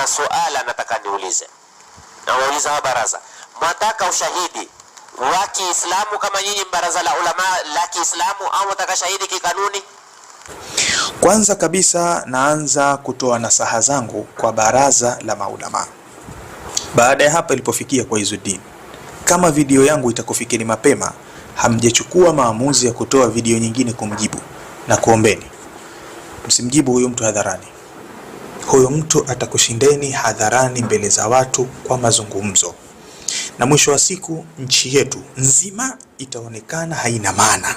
na suala nataka niulize, na wa baraza, mwataka ushahidi wa Kiislamu kama nyinyi baraza la ulama la Kiislamu au mwataka shahidi kikanuni? Kwanza kabisa naanza kutoa nasaha zangu kwa baraza la maulama. Baada ya hapa ilipofikia kwa Izuddin, kama video yangu itakufikia mapema, hamjachukua maamuzi ya kutoa video nyingine kumjibu, na kuombeni msimjibu huyu mtu hadharani huyo mtu atakushindeni hadharani mbele za watu kwa mazungumzo, na mwisho wa siku nchi yetu nzima itaonekana haina maana,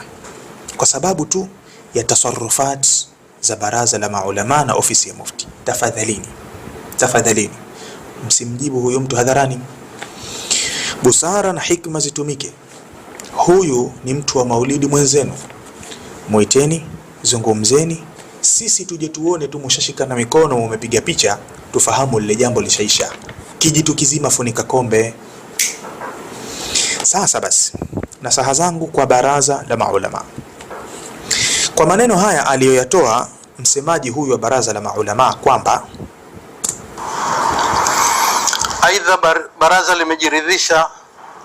kwa sababu tu ya tasarufat za baraza la maulama na ofisi ya mufti. Tafadhalini, tafadhalini msimjibu huyo mtu hadharani. Busara na hikma zitumike. Huyu ni mtu wa maulidi mwenzenu, mwiteni, zungumzeni sisi tuje tuone tu mushashikana mikono mumepiga picha, tufahamu lile jambo lishaisha. Kijitu kizima funika kombe. Sasa basi, nasaha zangu kwa baraza la maulama. Kwa maneno haya aliyoyatoa msemaji huyu wa baraza la maulama kwamba aidha baraza limejiridhisha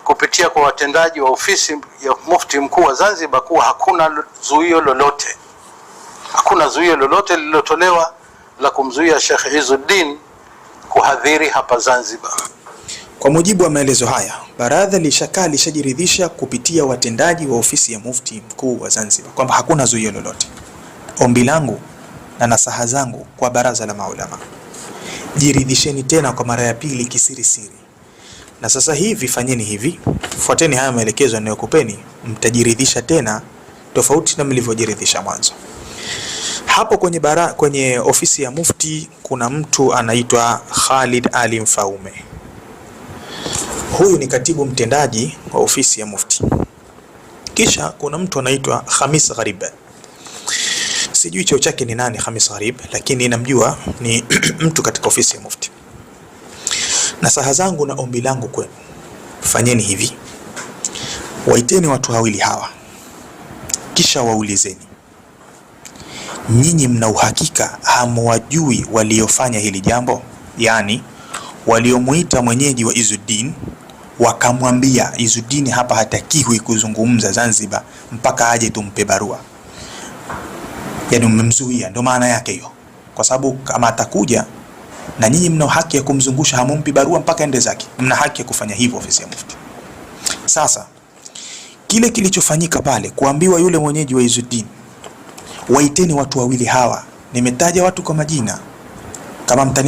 kupitia kwa watendaji wa ofisi ya mufti mkuu wa Zanzibar kuwa hakuna zuio lolote hakuna zuio lolote lililotolewa la kumzuia Sheikh Izzuddin kuhadhiri hapa Zanzibar. Kwa mujibu wa maelezo haya, baraza lishakaa lishajiridhisha kupitia watendaji wa ofisi ya mufti mkuu wa Zanzibar kwamba hakuna zuio lolote. Ombi langu na nasaha zangu kwa baraza la maulama, jiridhisheni tena kwa mara ya pili kisiri siri, na sasa hivi fanyeni hivi, fuateni haya maelekezo yanayokupeni, mtajiridhisha tena tofauti na mlivyojiridhisha mwanzo. Hapo kwenye, bara, kwenye ofisi ya mufti kuna mtu anaitwa Khalid Ali Mfaume. Huyu ni katibu mtendaji wa ofisi ya mufti. Kisha kuna mtu anaitwa Khamis Gharib. Sijui cheo chake ni nani Khamis Gharib, lakini namjua ni mtu katika ofisi ya mufti. Na saha zangu na ombi langu kwenu, fanyeni hivi, waiteni watu wawili hawa, kisha waulizeni nyinyi mna uhakika hamwajui waliofanya hili jambo? Yaani waliomuita mwenyeji wa Izuddin wakamwambia Izuddin hapa hatakiwi kuzungumza Zanzibar mpaka aje tumpe barua. Yaani mmemzuia, ndio maana yake hiyo, kwa sababu kama atakuja na nyinyi mna haki ya kumzungusha, hamumpi barua mpaka ende zake. Mna haki ya kufanya hivyo, ofisi ya Mufti. Sasa kile kilichofanyika pale, kuambiwa yule mwenyeji wa Izuddin waiteni watu wawili hawa, nimetaja watu kwa majina kama mtani